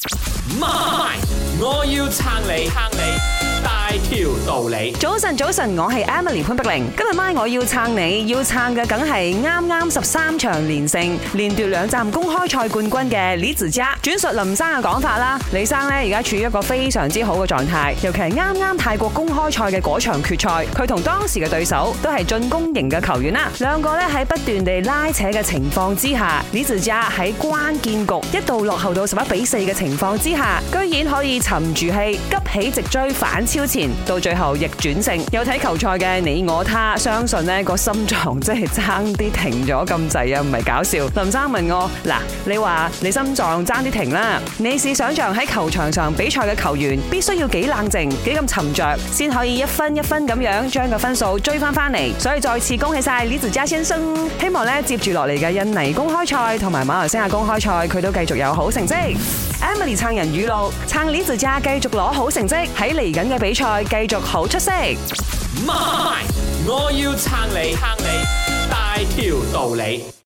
媽咪，My，我要撐你，撐你。大條道理，早晨早晨，我係 Emily 潘碧玲。今日晚我要撐你，要撐嘅梗係啱啱十三場連勝，連奪兩站公開賽冠軍嘅李子嘉。轉述林生嘅講法啦，李生呢而家處於一個非常之好嘅狀態，尤其係啱啱泰國公開賽嘅嗰場決賽，佢同當時嘅對手都係進攻型嘅球員啦。兩個呢喺不斷地拉扯嘅情況之下，李子嘉喺關鍵局一度落後到十一比四嘅情況之下，居然可以沉住氣，急起直追反。超前，到最後逆轉勝，有睇球賽嘅你我他，相信呢個心臟真係爭啲停咗咁滯啊，唔係搞笑。林生問我嗱，你話你心臟爭啲停啦，你試想象喺球場上比賽嘅球員，必須要幾冷靜、幾咁沉着，先可以一分一分咁樣將個分數追翻翻嚟。所以再次恭喜晒李子嘉先生，希望呢接住落嚟嘅印尼公開賽同埋馬來西亞公開賽，佢都繼續有好成績。Emily 撐人語錄，撐你就揸，繼續攞好成績，喺嚟緊嘅比賽繼續好出色。媽咪，我要撐你撐你，大條道理。